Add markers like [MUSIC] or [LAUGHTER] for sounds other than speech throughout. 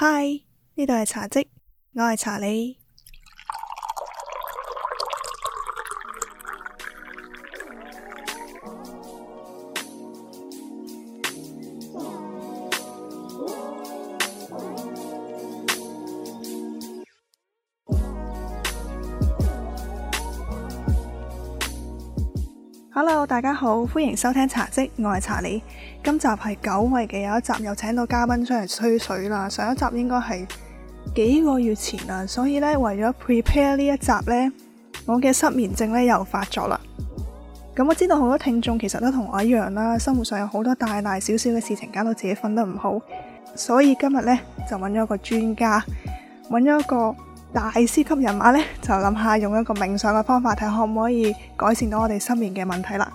嗨，呢度係茶迹，我係茶你。大家好，歡迎收聽茶跡，我係查理，今集係久違嘅有一集，又請到嘉賓出嚟吹水啦。上一集應該係幾個月前啦，所以咧為咗 prepare 呢一集咧，我嘅失眠症咧又發作啦。咁我知道好多聽眾其實都同我一樣啦，生活上有好多大大小小嘅事情，搞到自己瞓得唔好，所以今日咧就揾咗一個專家，揾咗一個。大師級人馬呢，就諗下用一個冥想嘅方法，睇可唔可以改善到我哋失眠嘅問題啦。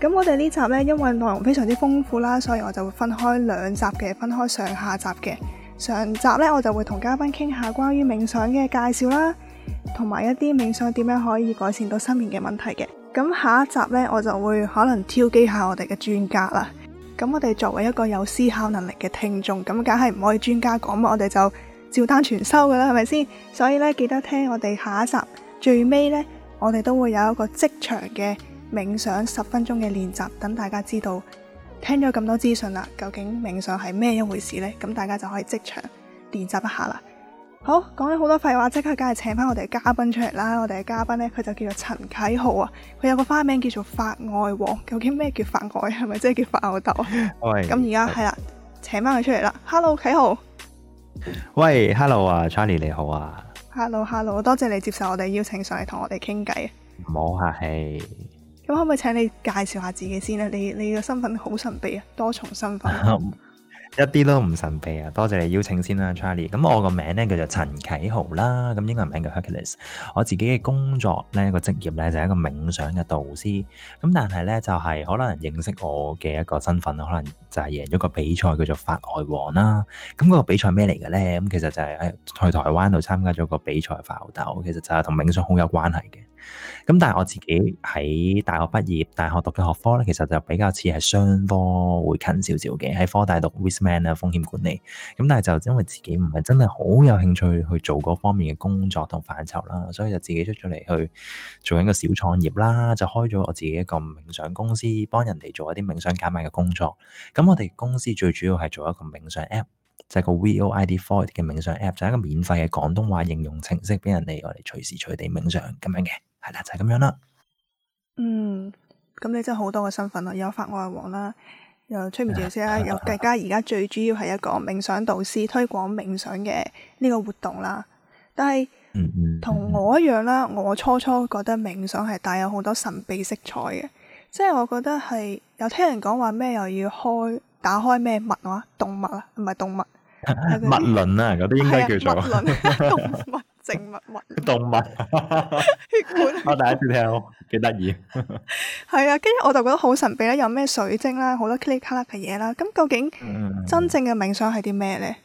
咁我哋呢集呢，因為內容非常之豐富啦，所以我就會分開兩集嘅，分開上下集嘅。上集呢，我就會同嘉賓傾下關於冥想嘅介紹啦，同埋一啲冥想點樣可以改善到失眠嘅問題嘅。咁下一集呢，我就會可能挑機下我哋嘅專家啦。咁我哋作為一個有思考能力嘅聽眾，咁梗係唔可以專家講，我哋就。照單全收噶啦，係咪先？所以咧，記得聽我哋下一集，最尾咧，我哋都會有一個即場嘅冥想十分鐘嘅練習，等大家知道聽咗咁多資訊啦，究竟冥想係咩一回事呢？咁大家就可以即場練習一下啦。好，講咗好多廢話，即刻梗係請翻我哋嘅嘉賓出嚟啦！我哋嘅嘉賓咧，佢就叫做陳棨豪啊，佢有個花名叫做法外王，究竟咩叫法外？係咪即係叫法外豆？咁而家係啦，請翻佢出嚟啦，Hello，棨豪。喂，Hello 啊 Charlie 你好啊，Hello，Hello，hello，多謝你接受我哋邀請上嚟同我哋傾偈，唔好客氣。咁可唔可以請你介紹下自己先咧？你你個身份好神秘啊，多重身份。 [LAUGHS] 一啲都唔神秘啊！多謝你邀請先啦，Charlie。咁我個名咧叫做陳啟豪啦，咁英文名叫 Hercules。我自己嘅工作呢，個職業呢，就係一個冥想嘅導師。咁但係呢，就係可能認識我嘅一個身份，可能就係贏咗個比賽叫做法外王啦。咁個比賽咩嚟嘅呢？咁其實就係喺去台灣度參加咗個比賽法鬥，其實就係同冥想好有關係嘅。咁但係我自己喺大學畢業，大學讀嘅學科呢，其實就比較似係雙科會近少少嘅，喺科大讀。man 啊，風險管理咁，但係就因為自己唔係真係好有興趣去做嗰方面嘅工作同範疇啦，所以就自己出咗嚟去做一個小創業啦，就開咗我自己一個冥想公司，幫人哋做一啲冥想減慢嘅工作。咁我哋公司最主要係做一個冥想 app，就係個 VOID 嘅冥想 app，就係一個免費嘅廣東話應用程式，俾人哋我哋隨時隨地冥想咁樣嘅，係啦，就係咁樣啦。嗯，咁你真係好多嘅身份啊，有法外王啦。又催眠自己先啦！又更加而家最主要係一個冥想導師推廣冥想嘅呢個活動啦。但係同我一樣啦，我初初覺得冥想係帶有好多神秘色彩嘅，即係我覺得係有聽人講話咩又要開打開咩物啊動物啊，唔係動物，物輪啊啲應該叫做、啊、物輪、動物。 [LAUGHS] 動物，血管。我第一次聽，幾得意。係啊，跟住我就覺得好神秘啦，有咩水晶啦，好多 clear 卡啦嘅嘢啦。咁究竟真正嘅冥想係啲咩咧？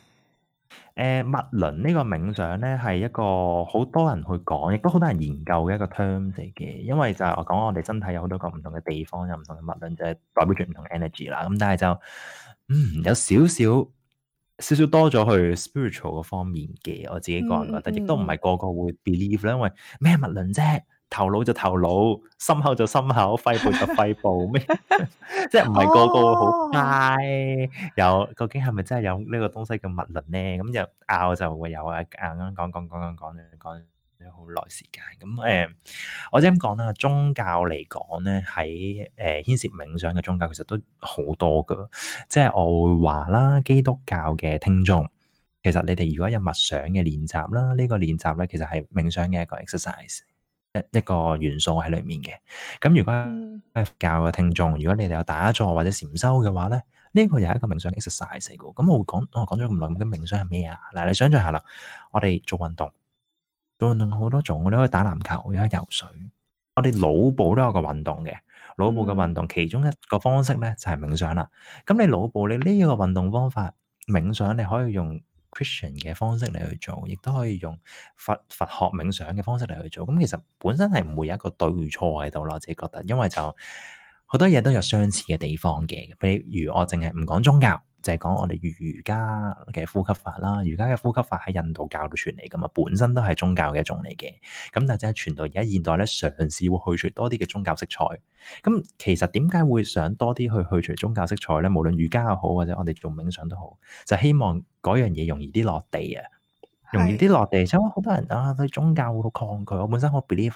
誒，脈輪呢個冥想咧係一個好多人去講，亦都好多人研究嘅一個 term 嚟嘅。因為就係我講，我哋身體有好多個唔同嘅地方，有唔同嘅脈輪，就係代表住唔同 energy 啦。咁但係就，嗯，有少少。少少多咗去 spiritual 個方面嘅，我自己個人覺得，亦都唔係個個會 believe 啦，因為咩物論啫，頭腦就頭腦，心口就心口，肺部就肺部咩， [LAUGHS] [LAUGHS] 即係唔係個個好 h、oh. 有究竟係咪真係有呢個東西叫物論咧？咁就拗就會有啊，啱啱講講講講講講。好耐時間咁誒，我啱咁講啦，宗教嚟講咧，喺誒牽涉冥想嘅宗教其實都好多噶，即係我會話啦，基督教嘅聽眾其實你哋如果有默想嘅練習啦，呢個練習咧其實係冥想嘅一個 exercise，一一個元素喺裏面嘅。咁如果佛教嘅聽眾，如果你哋有打坐或者禪修嘅話咧，呢個又係一個冥想 exercise 嘅。咁我會講，我講咗咁耐，咁冥想係咩啊？嗱，你想像下啦，我哋做運動。做運動好多種，我都可以打籃球， [NOISE] 我可以游水。我哋腦部都有個運動嘅，腦部嘅運動其中一個方式咧就係冥想啦。咁你腦部你呢一個運動方法冥想，你可以用 Christian 嘅方式嚟去做，亦都可以用佛佛學冥想嘅方式嚟去做。咁其實本身係唔會有一個對錯喺度咯，我自己覺得，因為就好多嘢都有相似嘅地方嘅。譬如我淨係唔講宗教。就係講我哋瑜伽嘅呼吸法啦，瑜伽嘅呼吸法喺印度教度傳嚟㗎嘛，本身都係宗教嘅一種嚟嘅。咁但係就係傳到而家現代咧，嘗試會去除多啲嘅宗教色彩。咁其實點解會想多啲去去除宗教色彩咧？無論瑜伽又好，或者我哋做冥想都好，就希望嗰樣嘢容易啲落地啊，容易啲落地。即係話好多人啊對宗教會好抗拒，我本身好 belief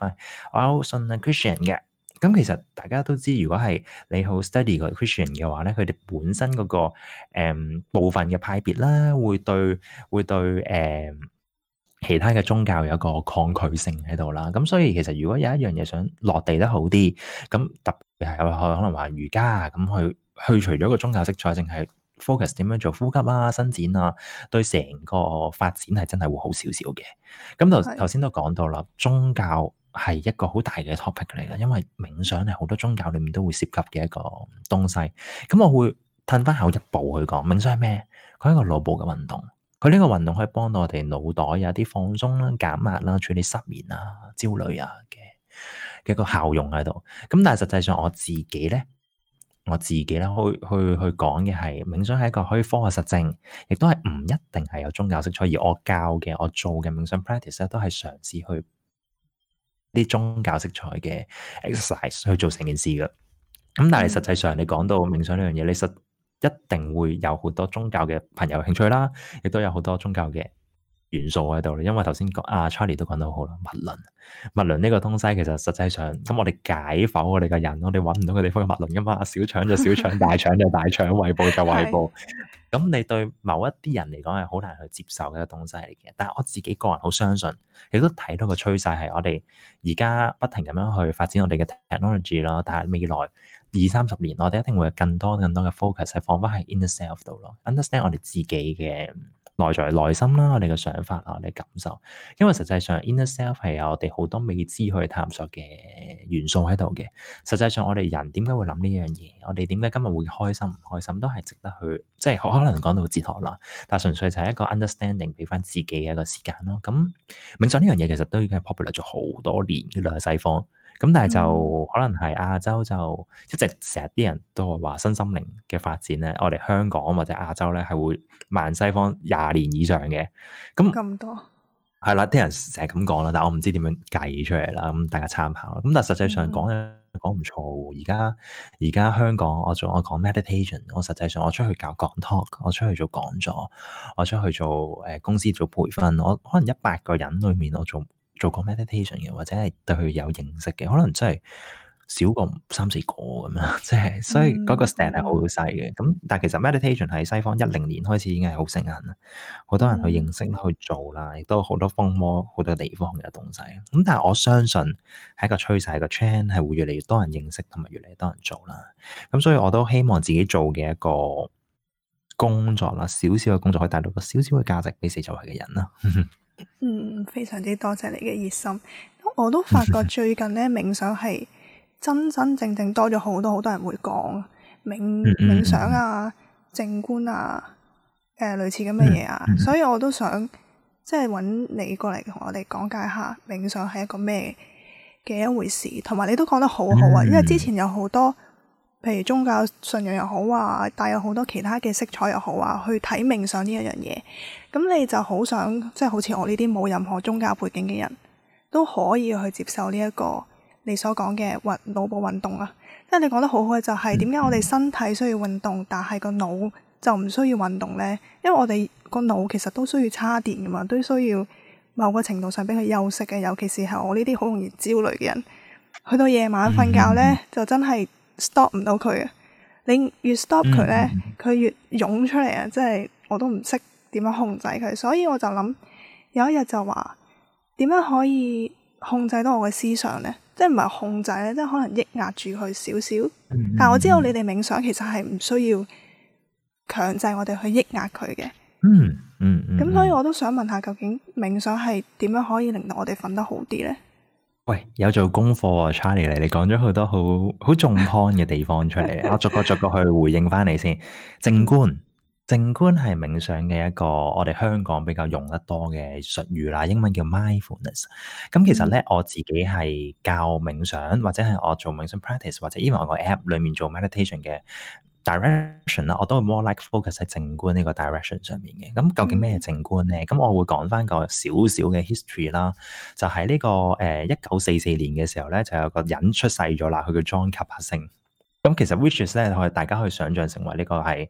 我有信任 Christian 嘅。咁其實大家都知，如果係你好 study 個 Christian 嘅話咧，佢哋本身嗰、那個、嗯、部分嘅派別啦，會對會對誒、嗯、其他嘅宗教有一個抗拒性喺度啦。咁所以其實如果有一樣嘢想落地得好啲，咁特別係可能話瑜伽咁去去除咗個宗教色彩，淨係 focus 點樣做呼吸啦、啊、伸展啊，對成個發展係真係會好少少嘅。咁就頭先都講到啦，宗教。係一個好大嘅 topic 嚟啦，因為冥想係好多宗教裏面都會涉及嘅一個東西。咁我會褪翻後一步去講冥想係咩？佢係一個腦部嘅運動，佢呢個運動可以幫到我哋腦袋有啲放鬆啦、減壓啦、處理失眠啊、焦慮啊嘅嘅一個效用喺度。咁但係實際上我自己咧，我自己咧去去去講嘅係冥想係一個可以科學實證，亦都係唔一定係有宗教色彩。而我教嘅、我做嘅冥想 practice 咧，都係嘗試去啲宗教色彩嘅 exercise 去做成件事嘅，咁但係實際上你講到冥想呢樣嘢，你實一定會有好多宗教嘅朋友興趣啦，亦都有好多宗教嘅元素喺度。因為頭先講，阿 Charlie 都講到好啦，物論，物論呢個東西其實實際上，咁我哋解剖我哋個人，我哋揾唔到嘅地方係物論噶嘛，小腸就小腸，大腸就大腸，胃部 [LAUGHS] 就胃部。 [LAUGHS] 咁你對某一啲人嚟講係好難去接受嘅一個東西嚟嘅，但係我自己個人好相信，亦都睇到個趨勢係我哋而家不停咁樣去發展我哋嘅 technology 咯。但係未來二三十年，我哋一定會有更多更多嘅 focus 係放翻喺 inner self 度咯，understand 我哋自己嘅。內在、內心啦，我哋嘅想法啊，我哋嘅感受，因為實際上 inner self 係有我哋好多未知去探索嘅元素喺度嘅。實際上我，我哋人點解會諗呢樣嘢？我哋點解今日會開心唔開心，都係值得去，即係可能講到哲學啦。但係純粹就係一個 understanding，俾翻自己嘅一個時間咯。咁冥想呢樣嘢其實都已經係 popular 咗好多年，無論係西方。咁、嗯、但係就可能係亞洲就一直成日啲人都話話身心靈嘅發展咧，我哋香港或者亞洲咧係會慢西方廿年以上嘅，咁咁多係啦，啲人成日咁講啦，但係我唔知點樣計出嚟啦，咁大家參考。咁但係實際上講咧，嗯、講唔錯。而家而家香港我做我講 meditation，我實際上我出去搞講 talk，我出去做講座，我出去做誒公司做培訓，我可能一百個人裏面我做。做過 meditation 嘅，或者係對佢有認識嘅，可能真係少過個三四個咁樣，即 [LAUGHS] 係所以嗰個 stand s t a n d 係好細嘅。咁但係其實 meditation 喺、嗯、西方一零年開始已經係好盛行啦，好多人去認識、嗯、去做啦，亦都好多風魔、好多地方嘅東西。咁但係我相信係一個趨勢、個 trend 係會越嚟越多人認識同埋越嚟越多人做啦。咁所以我都希望自己做嘅一個工作啦，少少嘅工作可以帶到個少少嘅價值俾四周圍嘅人啦。 [LAUGHS] 嗯，非常之多謝你嘅熱心，我都發覺最近咧，冥想係真真正正多咗好多好多人會講冥冥想啊、靜觀啊、誒、呃、類似咁嘅嘢啊，嗯嗯、所以我都想即係揾你過嚟同我哋講解下冥想係一個咩嘅一回事，同埋你都講得好好啊，嗯嗯、因為之前有好多譬如宗教信仰又好啊，帶有好多其他嘅色彩又好啊，去睇冥想呢一樣嘢。咁你就想、就是、好想即係好似我呢啲冇任何宗教背景嘅人都可以去接受呢一個你所講嘅運腦部運動啊。即係你講得好好嘅就係點解我哋身體需要運動，但係個腦就唔需要運動咧？因為我哋個腦其實都需要叉電噶嘛，都需要某個程度上俾佢休息嘅。尤其是係我呢啲好容易焦慮嘅人，去到夜晚瞓覺咧、嗯、就真係 stop 唔到佢。你越 stop 佢咧，佢、嗯嗯、越湧出嚟啊！即係我都唔識。點樣控制佢？所以我就諗有一日就話點樣可以控制到我嘅思想呢？即係唔係控制咧？即係可能抑壓住佢少少。但係我知道你哋冥想其實係唔需要強制我哋去抑壓佢嘅。嗯嗯。咁所以我都想問下，究竟冥想係點樣可以令到我哋瞓得好啲呢？喂，有做功課啊 Charlie 嚟？你你講咗好多好好重康嘅地方出嚟， [LAUGHS] 我逐個逐個去回應翻你先。靜觀。靜觀係冥想嘅一個，我哋香港比較用得多嘅術語啦，英文叫 mindfulness。咁其實咧，我自己係教冥想，或者係我做冥想 practice，或者因為我個 app 裏面做 meditation 嘅 direction 啦，我都會 more like focus 喺靜，靜觀呢個 direction 上面嘅。咁究竟咩係靜觀咧？咁我會講翻個少少嘅 history 啦。就喺呢個誒一九四四年嘅時候咧，就有個人出世咗啦，佢叫 John Kabat-Zinn。咁其實 Wichers 咧，我係大家可以想象成為呢個係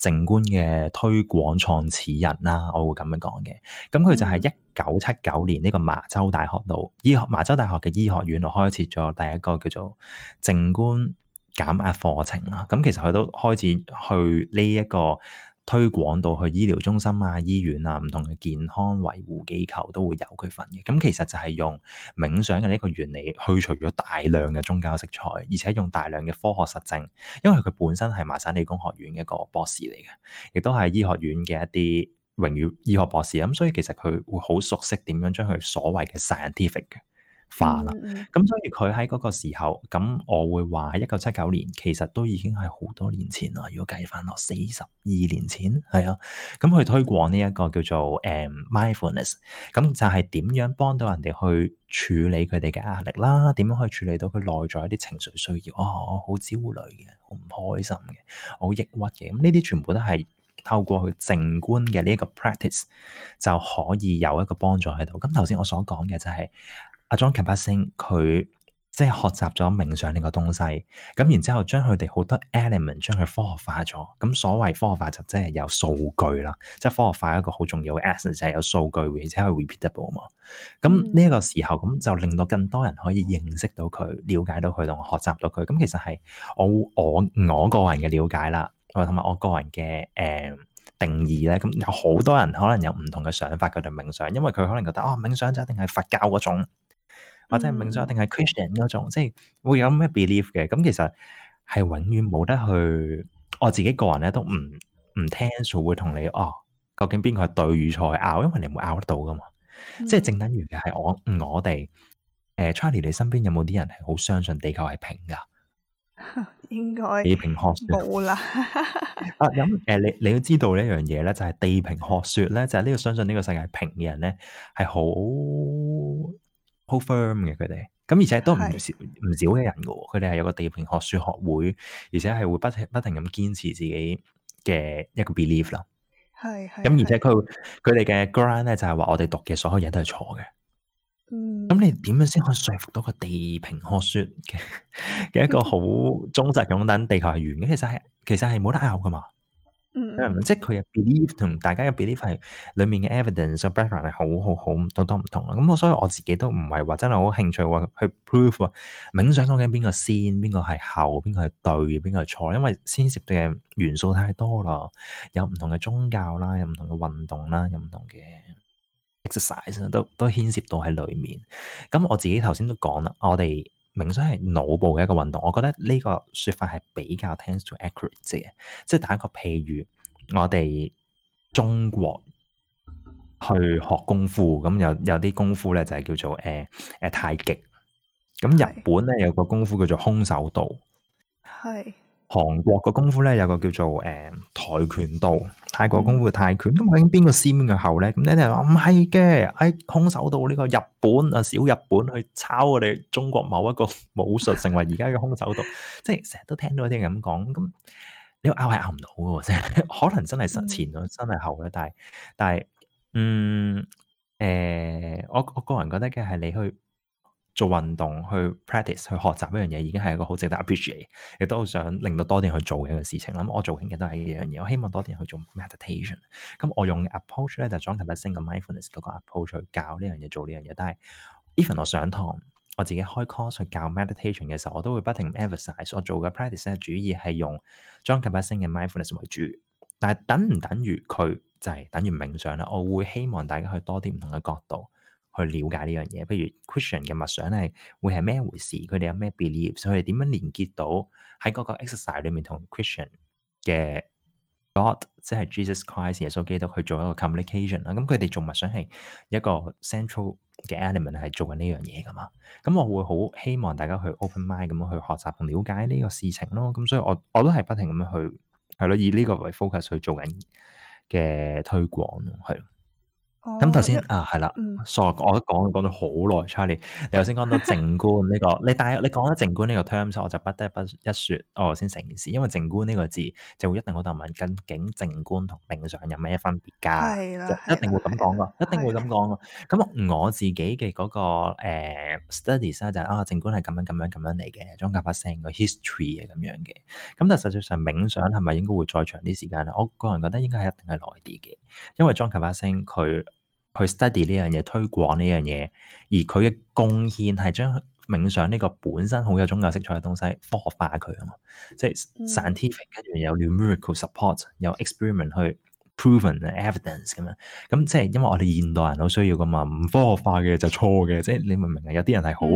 靜觀嘅推廣創始人啦，我會咁樣講嘅。咁佢就係一九七九年呢個麻州大學度醫學，麻州大學嘅醫學院度開設咗第一個叫做靜觀減壓課程啦。咁其實佢都開始去呢、這、一個。推廣到去醫療中心啊、醫院啊、唔同嘅健康維護機構都會有佢份嘅。咁其實就係用冥想嘅呢一個原理去除咗大量嘅宗教色彩，而且用大量嘅科學實證。因為佢本身係麻省理工學院嘅一個博士嚟嘅，亦都係醫學院嘅一啲榮譽醫學博士。咁所以其實佢會好熟悉點樣將佢所謂嘅 scientific 嘅。化啦，咁所以佢喺嗰個時候，咁我會話一九七九年，其實都已經係好多年前啦，如果計翻落四十二年前，係啊，咁去推廣呢一個叫做誒 mindfulness，咁就係點樣幫到人哋去處理佢哋嘅壓力啦，點樣可以處理到佢內在一啲情緒需要，哦，我好焦慮嘅，好唔開心嘅，好抑鬱嘅，咁呢啲全部都係透過去靜觀嘅呢一個 practice 就可以有一個幫助喺度。咁頭先我所講嘅就係、是。阿 Jon Kabat-Zinn 佢即係學習咗冥想呢個東西，咁然之後將佢哋好多 element 將佢科學化咗。咁所謂科學化就即係有數據啦，即係科學化一個好重要嘅 essence 係有數據，而且係 repeatable 嘛。咁呢個時候，咁就令到更多人可以認識到佢，了解到佢同學習到佢。咁其實係我我我個人嘅了解啦，同埋我個人嘅誒、呃、定義咧。咁有好多人可能有唔同嘅想法，佢哋冥想，因為佢可能覺得啊、哦、冥想就一定係佛教嗰種。或者冥想一定係 Christian 嗰種，嗯、即係會有咩 belief 嘅？咁其實係永遠冇得去。我自己個人咧都唔唔聽數，會同你哦。究竟邊個係對與錯拗？因為你唔會拗得到噶嘛。即係、嗯、正等於嘅係我我哋誒、欸、Charlie，你身邊有冇啲人係好相信地球係平噶？應該地平學冇啦。 [LAUGHS] 啊咁誒、嗯呃，你你要知道呢樣嘢咧，就係、是、地平學説咧，就係、是、呢、這個相信呢個世界係平嘅人咧，係好。好 firm 嘅佢哋，咁而且都唔少唔少嘅人噶，佢哋係有個地平學說學會，而且係會不停不停咁堅持自己嘅一個 belief 咯。係係。咁而且佢佢哋嘅 ground 咧，就係話我哋讀嘅所有嘢都係錯嘅。嗯的。咁你點樣先可以說服到個地平學說嘅嘅一個好忠實咁等地球係圓嘅？其實係其實係冇得拗噶嘛。嗯，即係佢嘅 belief 同大家嘅 belief 係裏面嘅 evidence background 係好好好好多唔同啦，咁我所以我自己都唔係話真係好興趣話去 prove 啊，冥想究竟邊個先，邊個係後，邊個係對，邊個係錯，因為牽涉嘅元素太多啦，有唔同嘅宗教啦，有唔同嘅運動啦，有唔同嘅 exercise 都都牽涉到喺裏面，咁我自己頭先都講啦，我哋。冥想係腦部嘅一個運動，我覺得呢個説法係比較聽做 accurate 嘅。即係打一個譬喻，如我哋中國去學功夫，咁有有啲功夫咧就係、是、叫做誒誒、呃、太極。咁日本咧是有個功夫叫做空手道。係。韓國嘅功夫咧有個叫做誒跆拳道，泰國功夫嘅泰拳，咁究竟邊個先嘅後咧？咁你哋話唔係嘅，係、哎、空手道呢個日本啊小日本去抄我哋中國某一個武術，成為而家嘅空手道， [LAUGHS] 即係成日都聽到啲人咁講，咁你個拗係拗唔到嘅喎，即、哎、係可能真係實前咗，真係後咧，但係但係，嗯誒、呃，我我個人覺得嘅係你去。做運動去 practice 去學習一樣嘢，已經係一個好值得 appreciate，亦都好想令到多啲人去做嘅一樣事情啦。我做嘅嘢都係一樣嘢，我希望多啲人去做 meditation、嗯。咁我用嘅 approach 咧就莊吉柏星嘅 mindfulness 嗰個 approach 去教呢樣嘢做呢樣嘢。但係 even 我上堂我自己開 course 去教 meditation 嘅時候，我都會不停 exercise 我做嘅 practice 係主要係用莊吉柏星嘅 mindfulness 為主。但係等唔等於佢就係等於冥想啦？我會希望大家去多啲唔同嘅角度。去了解呢樣嘢，譬如 Christian 嘅默想係會係咩回事？佢哋有咩 belief？所以佢哋點樣連結到喺嗰個 exercise 裏面同 Christian 嘅 God，即係 Jesus Christ、耶穌基督去做一個 communication 啦。咁佢哋做默想係一個 central 嘅 element 係做緊呢樣嘢噶嘛。咁我會好希望大家去 open mind 咁樣去學習同了解呢個事情咯。咁所以我我都係不停咁樣去係咯，以呢個為 focus 去做緊嘅推廣，係。咁頭先啊係啦，所、嗯、我都講講咗好耐，Charlie，你頭先講到靜觀呢、這個， [LAUGHS] 你但係你講咗靜觀呢個 term，所以我就不得不一說，我、哦、先成件事，因為靜觀呢個字就會一定好多人問，究竟靜觀同冥想有咩分別噶，的就一定會咁講噶，一定會咁講噶。咁的我自己嘅嗰、那個誒 studies 咧就啊靜觀係咁樣咁樣咁樣嚟嘅，莊啟發聲個 history 啊咁樣嘅。咁但係實際上冥想係咪應該會再長啲時間咧？我個人覺得應該係一定係耐啲嘅，因為莊啟發聲佢。去 study 呢樣嘢，推廣呢樣嘢，而佢嘅貢獻係將冥想呢個本身好有宗教色彩嘅東西科學化佢啊嘛，即係 scientific 跟住有 numerical support，有 experiment 去 proven evidence 咁樣，咁即係因為我哋現代人都需要噶嘛，唔科學化嘅就錯嘅，即係你明唔明啊？有啲人係好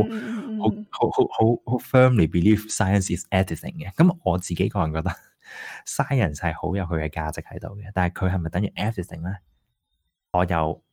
好好好好好 firmly believe science is everything 嘅，咁、嗯嗯、我自己個人覺得 science 係好有佢嘅價值喺度嘅，但係佢係咪等於 everything 咧？我又～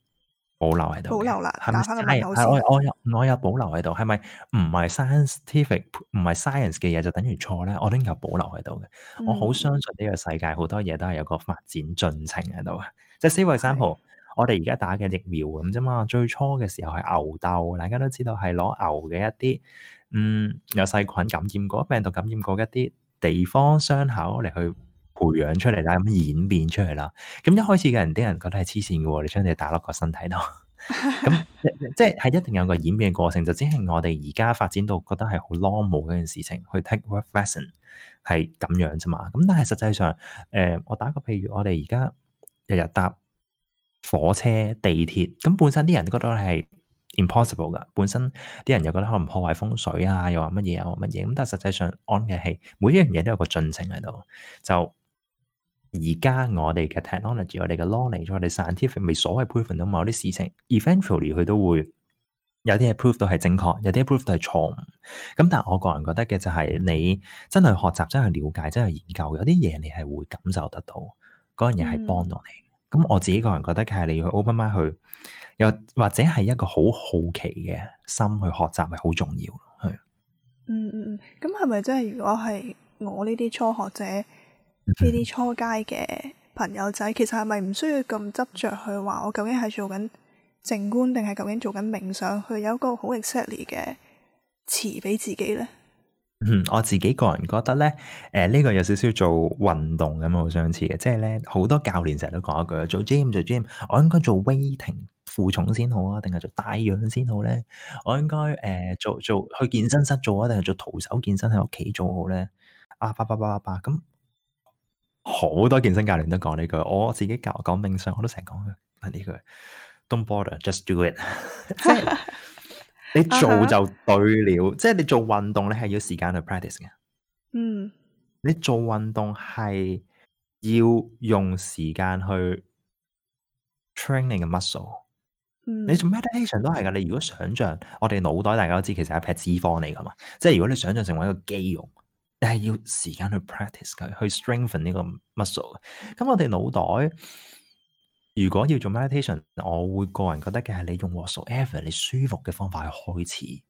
保留喺度，保留啦，打翻翻好係，係，我有，我有保留喺度。係咪唔係 scientific，唔係 science 嘅嘢就等於錯咧？我都有保留喺度嘅。嗯、我好相信呢個世界好多嘢都係有個發展進程喺度。嗯、即係，say f 我哋而家打嘅疫苗咁啫嘛。最初嘅時候係牛痘，大家都知道係攞牛嘅一啲，嗯，有細菌感染過、病毒感染過一啲地方傷口嚟去。培養出嚟啦，咁演變出嚟啦。咁一開始嘅人啲人覺得係黐線嘅，你將你打落個身體度，咁 [LAUGHS] 即係係一定有一個演變嘅過程。就只係我哋而家發展到覺得係好 normal 嗰件事情，去 take reflection 係咁樣啫嘛。咁但係實際上，誒、呃，我打個譬如，我哋而家日日搭火車、地鐵，咁本身啲人都覺得係 impossible 噶，本身啲人又覺得可能破壞風水啊，又話乜嘢又乜嘢。咁但係實際上，安嘅係每一樣嘢都有個進程喺度，就。而家我哋嘅 technology，我哋嘅 knowledge，我哋 scientific 未所謂 proven 到某啲事情，eventually 佢都會有啲嘢 prove 到係正確，有啲係 prove 到係錯誤。咁但係我個人覺得嘅就係你真係學習，真係了解，真係研究，有啲嘢你係會感受得到，嗰樣嘢係幫到你。咁、嗯、我自己個人覺得嘅係你要去 open mind 去，又或者係一個好好奇嘅心去學習係好重要。嗯嗯嗯，咁係咪真係如果係我呢啲初學者？呢啲、嗯、初階嘅朋友仔，其實係咪唔需要咁執着去話我究竟係做緊靜觀，定係究竟做緊冥想？去有一個好 exactly 嘅詞俾自己咧。嗯，我自己個人覺得咧，誒、呃、呢、這個有少少做運動咁好相似嘅，即係咧好多教練成日都講一句，做 gym 做 gym，我應該做 weighting 負重先好啊，定係做帶氧先好咧？我應該誒、呃、做做,做去健身室做啊，定係做徒手健身喺屋企做好咧？啊，八八八八八咁。爸爸爸爸好多健身教練都講呢句，我自己教講冥想我都成日講佢，問呢句，Don't bother，just do it，即係、 [LAUGHS] 就是、 [LAUGHS] 你做就對了，uh huh. 即係你做運動咧係要時間去 practice 嘅。嗯，mm. 你做運動係要用時間去 training 嘅 muscle。Mm. 你做 meditation 都係噶，你如果想象我哋腦袋大家都知，其實係一撇脂肪嚟噶嘛，即係如果你想象成為一個肌肉。但係要時間去 practice 佢，去 strengthen 呢個 muscle。咁我哋腦袋如果要做 meditation，我會個人覺得嘅係你用 whatever 你舒服嘅方法去開始。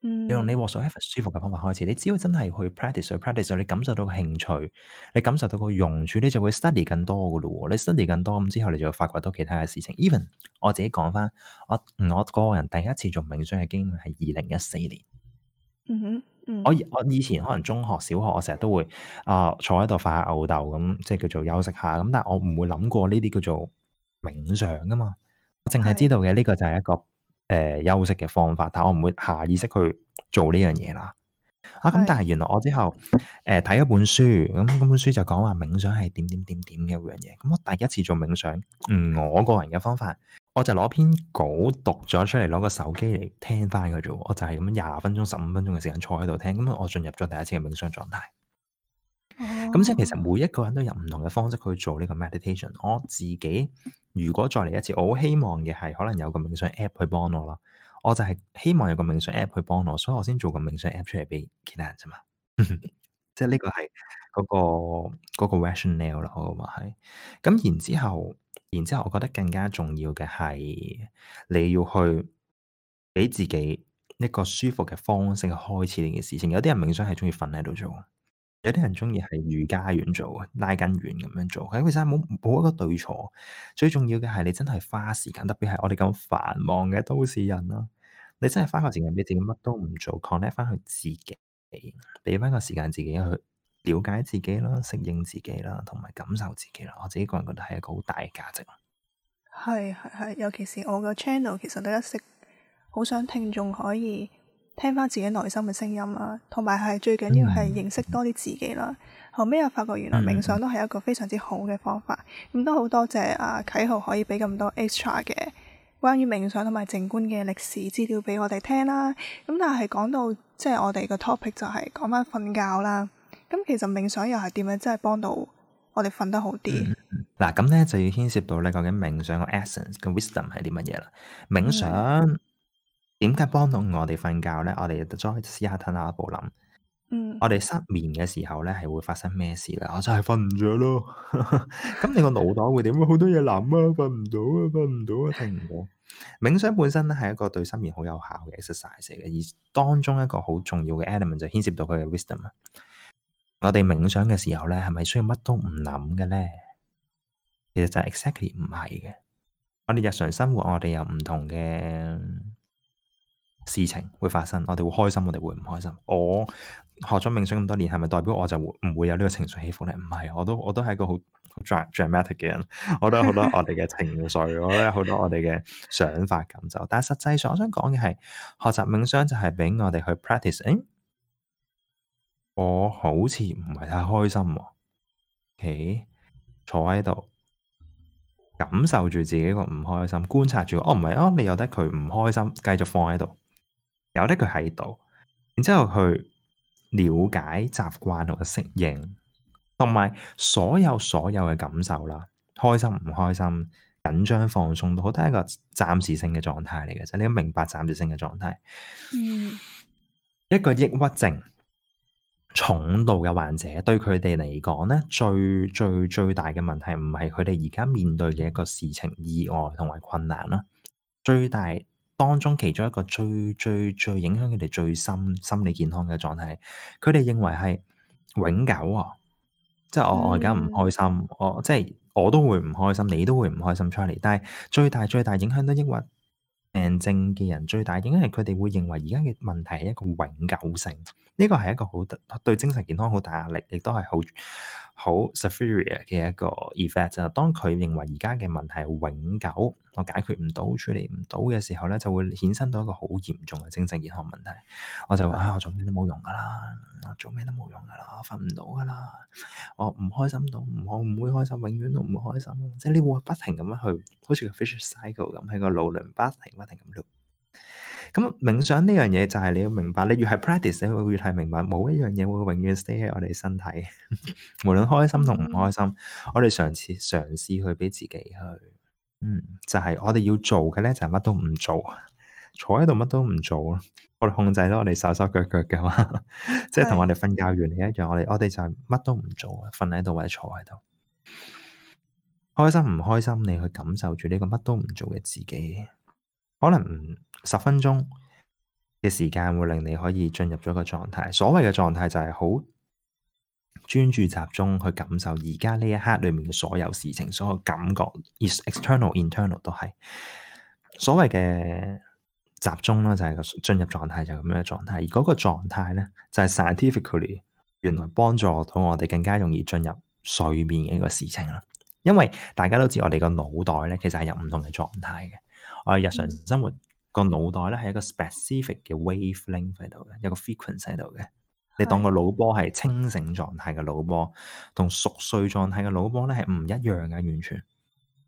嗯。用你 whatever 舒服嘅方法開始，你只要真係去 practice 去 practice，你感受到個興趣，你感受到個用處，你就會 study 更多噶啦。你 study 更多咁之後，你就會發掘到其他嘅事情。Even 我自己講翻，我我個人第一次做冥想嘅經驗係二零一四年。嗯哼。我我以前可能中學、小學，我成日都會啊、呃、坐喺度發下吽豆咁，即係叫做休息下咁。但係我唔會諗過呢啲叫做冥想㗎嘛，淨係知道嘅呢個就係一個誒、呃、休息嘅方法。但係我唔會下意識去做呢樣嘢啦。啊咁，但係原來我之後誒睇、呃、一本書，咁本書就講話冥想係點點點點嘅樣嘢。咁我第一次做冥想，嗯，我個人嘅方法。我就攞篇稿讀咗出嚟，攞個手機嚟聽翻佢啫。我就係咁廿分鐘、十五分鐘嘅時間坐喺度聽，咁我進入咗第一次嘅冥想狀態。咁、oh. 即係其實每一個人都有唔同嘅方式去做呢個 meditation。我自己如果再嚟一次，我好希望嘅係可能有個冥想 app 去幫我咯。我就係希望有個冥想 app 去幫我，所以我先做個冥想 app 出嚟俾其他人啫嘛。 [LAUGHS] 即係呢個係嗰、嗰個、嗰個 rationale 啦，我話係。咁然之後。然之後，我覺得更加重要嘅係，你要去畀自己一個舒服嘅方式開始呢件事情。有啲人冥想係鍾意瞓喺度做，有啲人鍾意係瑜伽院做，拉筋軟咁樣做。其實係冇冇一個對錯，最重要嘅係你真係花時間，特別係我哋咁繁忙嘅都市人咯，你真係花個時間畀自己乜都唔做，connect 返去自己，畀返個時間自己去。了解自己啦，適應自己啦，同埋感受自己啦。我自己個人覺得係一個好大嘅價值。係係係，尤其是我嘅 channel，其實都一直好想聽眾可以聽翻自己內心嘅聲音啊，同埋係最緊要係認識多啲自己啦。嗯嗯、後尾又發覺原來冥想都係一個非常之好嘅方法。咁都好多謝啊棨豪可以俾咁多 extra 嘅關於冥想同埋靜觀嘅歷史資料俾我哋聽啦。咁、嗯、但係講到即係我哋嘅 topic 就係講翻瞓覺啦。咁其實冥想又係點樣，真係幫到我哋瞓得好啲？嗱、嗯，咁咧就要牽涉到咧，究竟冥想個 essence、個 wisdom 係啲乜嘢啦？冥想點解幫到我哋瞓覺咧？我哋再試下褪下一步諗，嗯，我哋失眠嘅時候咧係會發生咩事咧？我就係瞓唔着咯。咁 [LAUGHS] 你個腦袋會點？好 [LAUGHS] 多嘢諗啊，瞓唔到啊，瞓唔到啊，停唔到。 [LAUGHS] 冥想本身咧係一個對失眠好有效嘅 exercise 嘅，而當中一個好重要嘅 element 就牽涉到佢嘅 wisdom 啊。我哋冥想嘅時候咧，係咪需要乜都唔諗嘅咧？其實就係 exactly 唔係嘅。我哋日常生活，我哋有唔同嘅事情會發生，我哋會開心，我哋會唔開心。我學咗冥想咁多年，係咪代表我就唔會有呢個情緒起伏咧？唔係，我都我都係個好 dramatic 嘅人，我都好多我哋嘅情緒， [LAUGHS] 我都好多我哋嘅想法咁就。但係實際上，我想講嘅係，學習冥想就係俾我哋去 practice 我好似唔係太開心、啊，企坐喺度，感受住自己個唔開心，觀察住我唔係哦、啊，你由得佢唔開心，繼續放喺度，由得佢喺度，然之後去了解、習慣同埋適應，同埋所有所有嘅感受啦，開心、唔開心、緊張、放鬆，都都係一個暫時性嘅狀態嚟嘅啫。你都明白暫時性嘅狀態，嗯、一個抑鬱症。重度嘅患者對佢哋嚟講咧，最最最大嘅問題唔係佢哋而家面對嘅一個事情意外同埋困難啦，最大當中其中一個最最最影響佢哋最深心，心理健康嘅狀態，佢哋認為係永久啊、哦，即係、哦、我我而家唔開心，我即係我都會唔開心，你都會唔開心出嚟，但係最大最大影響都抑鬱。病症嘅人最大影響係佢哋會認為而家嘅問題係一個永久性，呢個係一個好大對精神健康好大壓力，亦都係好。S 好 superior 嘅一個 effect 就係、是、當佢認為而家嘅問題永久我解決唔到，處理唔到嘅時候咧，就會衍生到一個好嚴重嘅精神健康問題。我就話啊、哎，我做咩都冇用噶啦，我做咩都冇用噶啦，我瞓唔到噶啦，我唔開心到，我唔會開心，永遠都唔會開心。即係你會不停咁樣去，好似個 fisher cycle 咁喺個腦裡不停不停咁跳。咁冥想呢樣嘢就係你要明白，你越係 practice，你會越係明白，冇一樣嘢會永遠 stay 喺我哋身體，無論開心同唔開心。嗯、我哋嘗試嘗試去俾自己去，嗯，就係、是、我哋要做嘅咧就係、是、乜都唔做，坐喺度乜都唔做咯。我哋控制到我哋手手腳腳嘅嘛，的即係同我哋瞓覺完嘅一樣。我哋我哋就係乜都唔做，瞓喺度或者坐喺度，開心唔開心，你去感受住呢個乜都唔做嘅自己。可能十分鐘嘅時間會令你可以進入咗個狀態。所謂嘅狀態就係好專注集中去感受而家呢一刻裏面嘅所有事情、所有感覺，external、ex ternal, internal 都係所謂嘅集中啦，就係個進入狀態就係咁樣嘅狀態。而嗰個狀態呢，就係 scientifically 原來幫助到我哋更加容易進入睡眠嘅一個事情啦。因為大家都知我哋個腦袋咧，其實係有唔同嘅狀態嘅。我日常生活個腦袋咧係一個 specific 嘅 wavelength 喺度嘅，有一個 frequency 喺度嘅。你當個腦波係清醒狀態嘅腦波，同熟睡狀態嘅腦波咧係唔一樣嘅，完全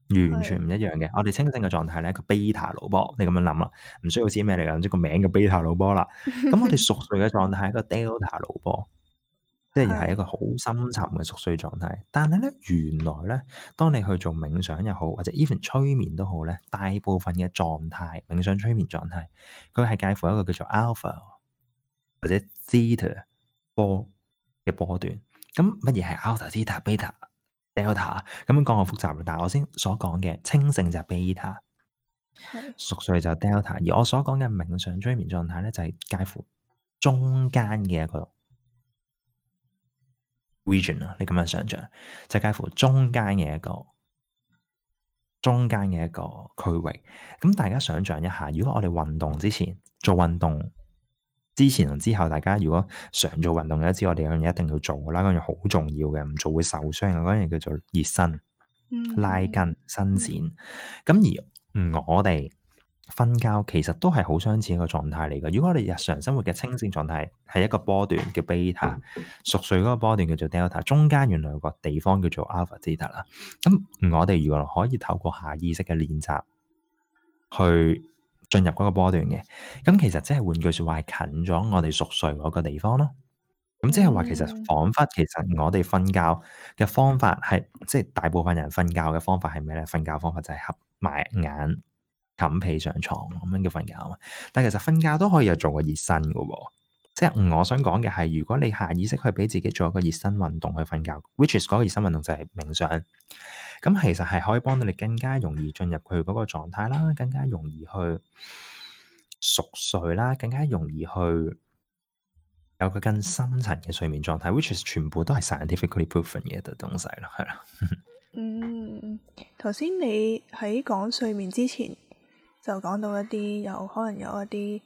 完全唔一樣嘅。我哋清醒嘅狀態咧個 beta 腦波，你咁樣諗啦，唔需要知咩嚟嘅，即個名叫 beta 腦波啦。咁我哋熟睡嘅狀態係一個 delta 腦波。即係係一個好深沉嘅熟睡狀態，但係咧原來咧，當你去做冥想又好，或者 even 催眠都好咧，大部分嘅狀態冥想催眠狀態，佢係介乎一個叫做 alpha 或者 theta 波嘅波段。咁乜嘢係 alpha、theta、beta、delta？咁講好複雜，但係我先所講嘅清醒就係 beta，熟睡就係 delta。而我所講嘅冥想催眠狀態咧，就係介乎中間嘅一個。Region, 你咁樣想象，就係、介乎中間嘅一個中間嘅一個區域。咁大家想象一下，如果我哋運動之前做運動之前同之後，大家如果想做運動，都知我哋嘅嘢一定要做啦，跟住好重要嘅，唔做會受傷嘅嗰樣叫做熱身、拉筋、伸展。咁而我哋瞓覺其實都係好相似一個狀態嚟嘅。如果我哋日常生活嘅清醒狀態係一個波段叫 beta，熟睡嗰個波段叫做 delta，中間原來有個地方叫做 alpha theta 啦。咁我哋如果可以透過下意識嘅練習去進入嗰個波段嘅，咁其實即係換句説話係近咗我哋熟睡嗰個地方咯。咁即係話其實彷彿其實我哋瞓覺嘅方法係即係大部分人瞓覺嘅方法係咩咧？瞓覺方法就係合埋眼。冚被上床咁樣叫瞓覺啊嘛，但其實瞓覺都可以有做個熱身噶喎，即係我想講嘅係，如果你下意識去俾自己做一個熱身運動去瞓覺，which is 嗰個熱身運動就係冥想，咁其實係可以幫到你更加容易進入佢嗰個狀態啦，更加容易去熟睡啦，更加容易去有佢更深層嘅睡眠狀態，which is 全部都係 scientifically proven 嘅一啲東西啦，係啦。 [LAUGHS] 嗯，頭先你喺講睡眠之前。就講到一啲有可能有一啲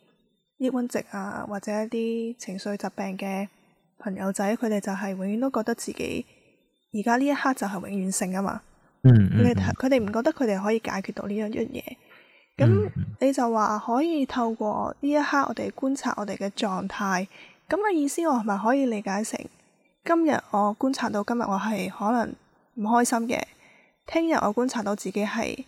抑鬱症啊，或者一啲情緒疾病嘅朋友仔，佢哋就係永遠都覺得自己而家呢一刻就係永遠性啊嘛，嗯。嗯，佢哋唔覺得佢哋可以解決到呢樣一樣嘢。咁、嗯嗯、你就話可以透過呢一刻我哋觀察我哋嘅狀態，咁嘅意思我係咪可以理解成今日我觀察到今日我係可能唔開心嘅，聽日我觀察到自己係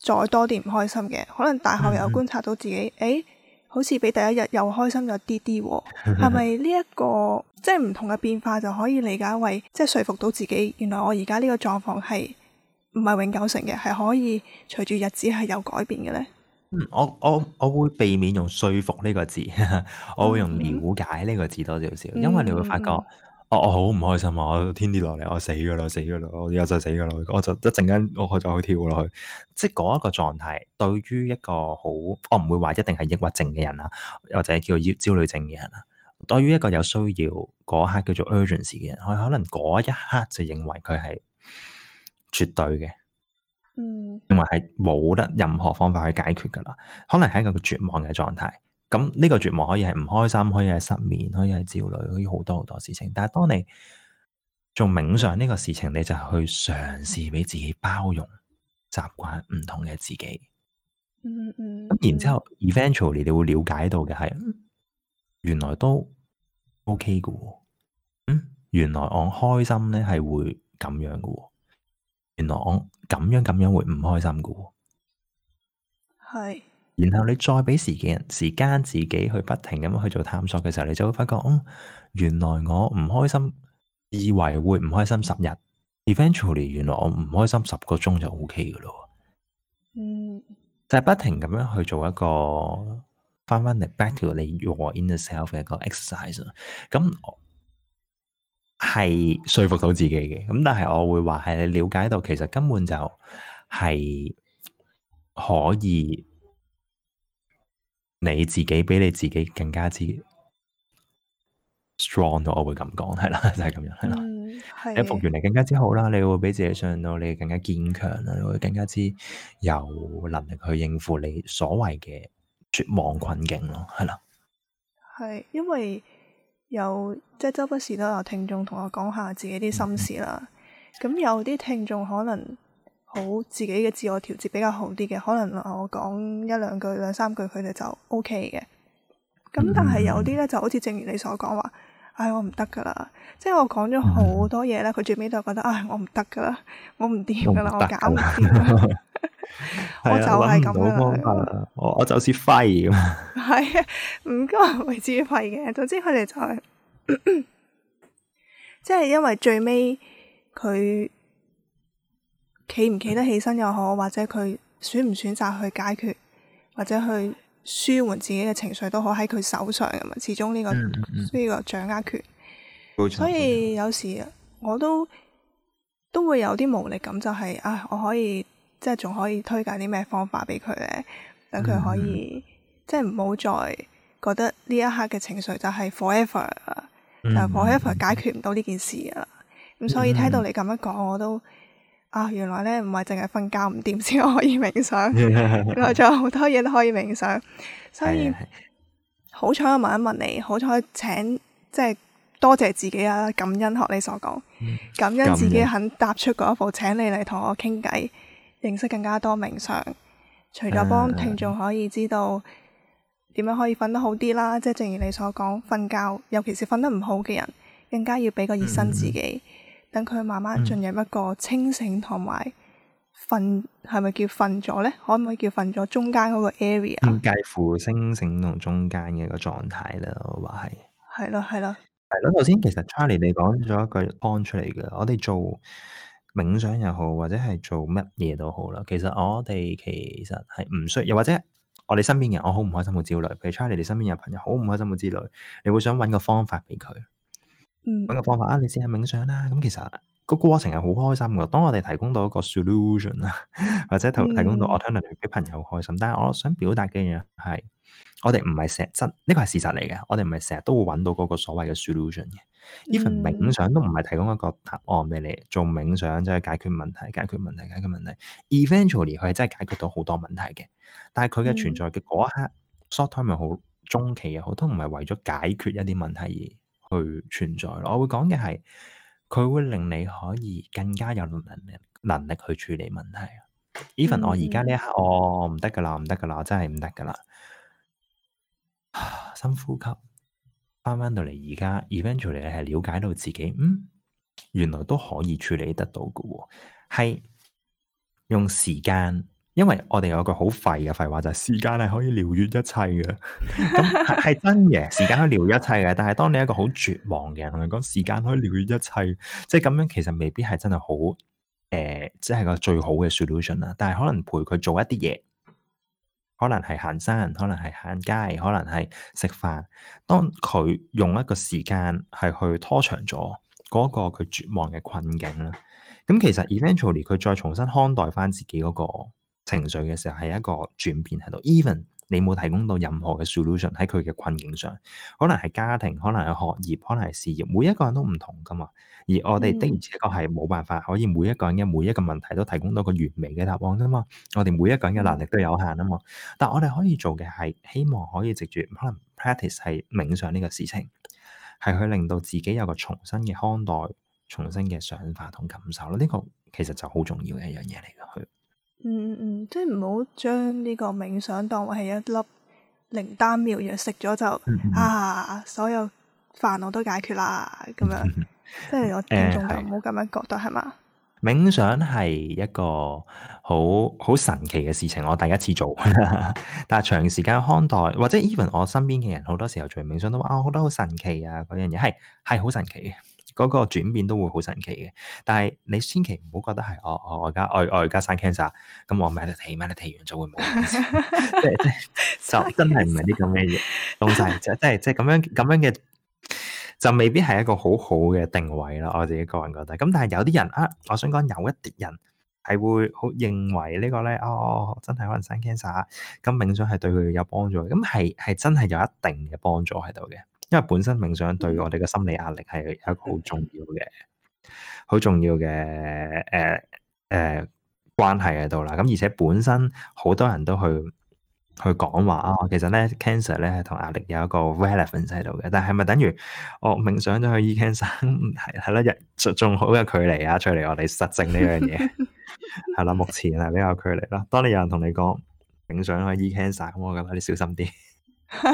再多啲唔開心嘅，可能大學又觀察到自己，誒、mm hmm. 好似比第一日又開心咗啲啲喎。係咪呢一個即係唔同嘅變化就可以理解為即係、就是、說服到自己，原來我而家呢個狀況係唔係永久性嘅，係可以隨住日子係有改變嘅呢？我我我會避免用說服呢個字， [LAUGHS] 我會用了解呢個字多少少，mm hmm. 因為你會發覺。哦、我好唔開心啊！我天跌落嚟，我死噶啦，死噶啦，我又就死噶啦！我就一陣間，我就可以跳落去。即係嗰一個狀態，對於一個好，我唔會話一定係抑鬱症嘅人啊，或者叫做焦焦慮症嘅人啊，對於一個有需要嗰刻叫做 urgency 嘅人，佢可能嗰一刻就認為佢係絕對嘅，嗯，認為係冇得任何方法去解決噶啦，可能係一個絕望嘅狀態。咁呢個絕望可以係唔開心，可以係失眠，可以係焦慮，可以好多好多事情。但係當你做冥想呢個事情，你就係去嘗試俾自己包容、習慣唔同嘅自己。嗯嗯。咁、嗯、然之後，eventually 你會了解到嘅係原來都 OK 㗎喎。嗯，原來我開心咧係會咁樣㗎喎。原來我咁樣咁樣會唔開心㗎喎。係。然後你再畀時間時間自己去不停咁樣去做探索嘅時候，你就會發覺，嗯，原來我唔開心，以為會唔開心十日，eventually 原來我唔開心十個鐘就 OK 嘅咯。嗯，就係不停咁樣去做一個翻翻嚟 back to 你，your inner self 嘅一個 exercise，咁係說服到自己嘅。咁但係我會話係你了解到，其實根本就係可以。你自己比你自己更加之 strong 咯，我會咁講，係啦，就係、係、咁樣，係啦，嗯、你復原嚟，更加之好啦，你會比自己相信到你更加堅強啦，你會更加之有能力去應付你所謂嘅絕望困境咯，係啦，係因為有即係周不時都有聽眾同我講下自己啲心事啦，咁、嗯、有啲聽眾可能。好，自己嘅自我調節比較好啲嘅，可能我講一兩句、兩三句，佢哋就 OK 嘅。咁但係有啲咧就好似正如你所講話，唉、哎、我唔得噶啦，即、就、係、是、我講咗好多嘢咧，佢、嗯、最尾都係覺得唉我唔得噶啦，我唔掂噶啦，我搞唔掂，我就係咁樣。我我就似廢咁。係啊，唔該為之廢嘅，總之佢哋就係、是，即 [COUGHS] 係、就是、因為最尾佢。企唔企得起身又好，或者佢選唔選擇去解決，或者去舒緩自己嘅情緒都好，喺佢手上咁啊。始終呢、呢個呢個、嗯嗯、掌握權，錯所以有時我都都會有啲無力感，就係、是、啊，我可以即係仲可以推介啲咩方法俾佢咧，等佢可以即係唔好再覺得呢一刻嘅情緒就係 forever，就、嗯、forever 解決唔到呢件事啊。咁、嗯嗯、所以睇到你咁樣講，我都。啊，原來咧，唔係淨係瞓覺唔掂先可以冥想， [LAUGHS] 原來仲有好多嘢都可以冥想。所以 [LAUGHS] 好彩我問一問你，好彩請即係多謝自己啦、啊，感恩學你所講，嗯、感恩自己肯踏出嗰一步，請你嚟同我傾偈，認識更加多冥想。除咗幫聽眾可以知道點樣可以瞓得好啲啦，即係正如你所講，瞓覺尤其是瞓得唔好嘅人，更加要俾個熱身自己。嗯等佢慢慢進入一個清醒同埋瞓，係咪、嗯、叫瞓咗咧？可唔可以叫瞓咗？中間嗰個 area 介乎清醒同中間嘅一個狀態啦，我話係。係咯，係咯。係咯，頭先其實 Charlie 你講咗一句 point 出嚟嘅，我哋做冥想又好，或者係做乜嘢都好啦。其實我哋其實係唔需要，又或者我哋身邊人，我好唔開心會焦慮。譬如 Charlie 你身邊有朋友好唔開心會焦慮，你會想揾個方法俾佢。揾個方法啊，你試下冥想啦、啊。咁其實個過程係好開心噶。當我哋提供到一個 solution 啦，或者提提供到 alternative 俾朋友開心。嗯、但係我想表達嘅嘢係，我哋唔係成日真，呢、呢個係事實嚟嘅。我哋唔係成日都會揾到嗰個所謂嘅 solution 嘅。even 冥想都唔係提供一個答案俾你做冥想，就係、是、解決問題、解決問題、解決問題。eventually 佢係真係解決到好多問題嘅。但係佢嘅存在嘅嗰一刻、嗯、，short time 又好中期又好都唔係為咗解決一啲問題而。去存在咯，我會講嘅係，佢會令你可以更加有能力能力去處理問題 even 我而家呢一刻，嗯哦、我唔得噶啦，唔得噶啦，真係唔得噶啦。深呼吸，翻返到嚟而家，eventually 你係了解到自己，嗯，原來都可以處理得到噶喎，係用時間。因為我哋有句好廢嘅廢話，就係時間係可以療愈一切嘅，咁 [LAUGHS] 係真嘅。時間可以療愈一切嘅，但係當你一個好絕望嘅人嚟講，時間可以療愈一切，即係咁樣其實未必係真係好誒，即、呃、係、就是、個最好嘅 solution 啦。但係可能陪佢做一啲嘢，可能係行山，可能係行街，可能係食飯。當佢用一個時間係去拖長咗嗰個佢絕望嘅困境啦。咁其實 eventually 佢再重新看待返自己嗰、那個。情緒嘅時候係一個轉變喺度，even 你冇提供到任何嘅 solution 喺佢嘅困境上，可能係家庭，可能係學業，可能係事業，每一個人都唔同噶嘛。而我哋的而且確係冇辦法可以每一個人嘅每一個問題都提供到一個完美嘅答案啊嘛。我哋每一個人嘅能力都有限啊嘛。但我哋可以做嘅係希望可以藉住可能 practice 係冥想呢個事情，係去令到自己有個重新嘅看待、重新嘅想法同感受咯。呢個其實就好重要嘅一樣嘢嚟嘅。嗯嗯，即係唔好將呢個冥想當為係一粒靈丹妙藥，食咗就 [LAUGHS] 啊所有煩惱都解決啦咁樣。即係我聽眾就唔好咁樣覺得係嘛。冥想係一個好好神奇嘅事情，我第一次做， [LAUGHS] 但係長時間看待或者 even 我身邊嘅人好多時候做冥想都話啊，我覺得好神奇啊嗰樣嘢，係係好神奇嘅。嗰個轉變都會好神奇嘅，但係你千祈唔好覺得係哦哦，我而家我而家生 cancer，咁我 meditate，meditate 完就會冇，即係即係就真係唔係啲咁嘅嘢東西，即係即係咁樣咁樣嘅就未必係一個好好嘅定位啦。我自己個人覺得，咁但係有啲人啊，我想講有一啲人係會好認為呢、這個咧，哦，真係可能生 cancer，咁冥想係對佢有幫助，咁係係真係有一定嘅幫助喺度嘅。因為本身冥想對我哋嘅心理壓力係一個好重要嘅、好重要嘅誒誒關係喺度啦。咁而且本身好多人都去去講話啊、哦。其實咧，cancer 咧同壓力有一個 relevance 喺度嘅。但係咪等於我、哦、冥想咗去 e cancer 係係啦，日仲 [LAUGHS] 好嘅距離啊，除離我哋實證呢樣嘢係啦。目前係比較距離啦。當你有人同你講冥想去 e cancer，咁我覺得你小心啲。 [LAUGHS]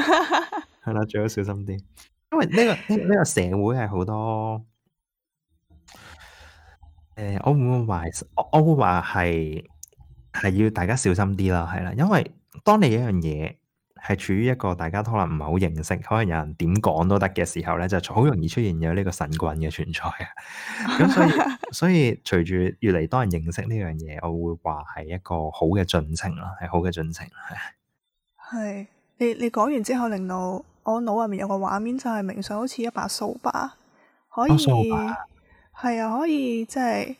係啦，最好小心啲，因為呢、呢個呢 [LAUGHS] 個社會係好多，誒、呃，我會話，我會話係係要大家小心啲啦，係啦，因為當你一樣嘢係處於一個大家可能唔係好認識，可能有人點講都得嘅時候咧，就好容易出現有呢個神棍嘅存在啊。咁所以， [LAUGHS] 所以，所以隨住越嚟多人認識呢樣嘢，我會話係一個好嘅進程咯，係好嘅進程係。係，你你講完之後令到。我腦入面有個畫面就係冥想，好似一把掃把，可以係啊，啊，可以即係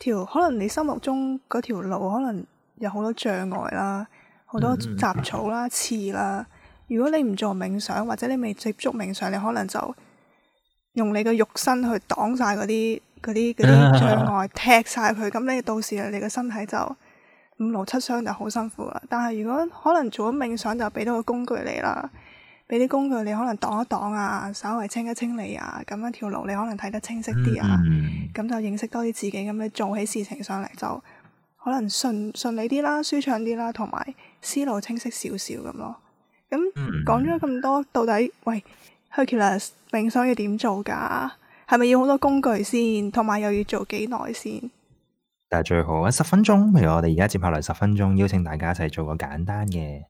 條可能你心目中嗰條路可能有好多障礙啦，好多雜草啦、刺啦。嗯、如果你唔做冥想，或者你未接觸冥想，你可能就用你個肉身去擋晒嗰啲嗰啲嗰啲障礙，踢晒佢。咁你到時你個身體就五勞七傷就好辛苦啦。但係如果可能做咗冥想，就俾到個工具你啦。俾啲工具你可能擋一擋啊，稍微清一清理啊，咁樣條路你可能睇得清晰啲啊，咁、嗯、就認識多啲自己，咁你做起事情上嚟就可能順順利啲啦，舒暢啲啦，同埋思路清晰少少咁咯。咁講咗咁多，到底喂 Hercules 冥想要點做噶？係咪要好多工具先？同埋又要做幾耐先？但係最好啊，十分鐘，譬如我哋而家接下嚟十分鐘，邀請大家一齊做個簡單嘅。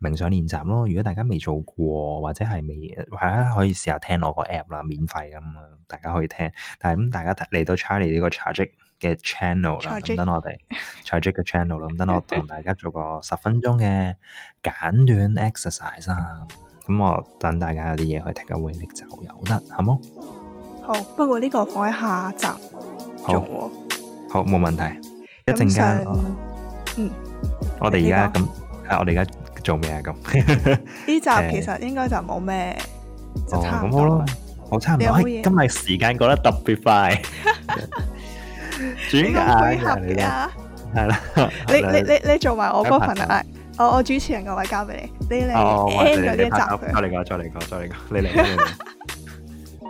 冥想練習咯，如果大家未做過或者係未，或者可以試下聽我個 app 啦，免費咁樣，大家可以聽。但係咁大家嚟到 Charlie 呢個茶寂嘅 channel 啦，咁 og 等我哋茶寂嘅 channel 啦，咁 [LAUGHS] 等我同大家做個十分鐘嘅簡短 exercise 啊，咁我等大家有啲嘢去踢下會力就有得，好冇？好，不過呢個放喺下集好了好冇問題，一陣間，嗯，我哋而家咁，係、這個啊、我哋而家。做咩啊？咁呢集其實應該就冇咩，就差唔多咯。我差唔多。今日時間過得特別快，轉個回合啊！係啦，你你你你做埋我嗰份啊！我我主持人個位交俾你，你嚟。哦，我嚟呢集。再嚟過，再嚟過，再嚟過，你嚟，你嚟。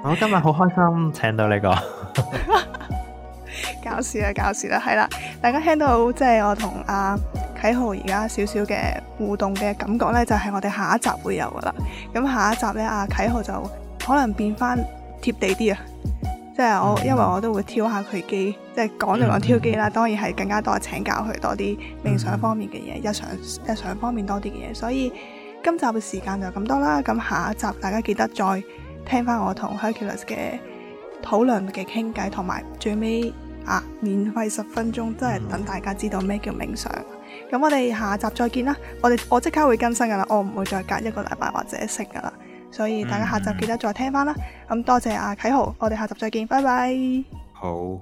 我今日好開心，請到呢個。搞笑啦，搞笑啦，係啦，大家聽到即係我同阿棨豪而家少少嘅互動嘅感覺呢，就係、是、我哋下一集會有噶啦。咁下一集呢，阿棨豪就可能變翻貼地啲啊，即係我、mm hmm. 因為我都會挑下佢機，即係講嚟講挑機啦。當然係更加多請教佢多啲冥想方面嘅嘢，日常日常方面多啲嘅嘢。所以今集嘅時間就咁多啦。咁下一集大家記得再聽翻我同 Hercules 嘅討論嘅傾偈，同埋最尾啊，免費十分鐘都係等大家知道咩叫冥想。咁我哋下集再見啦，我哋我即刻會更新噶啦。我唔會再隔一個禮拜或者食噶啦，所以大家下集記得再聽翻啦，咁、嗯、多謝阿、啊、棨豪。我哋下集再見，拜拜。好。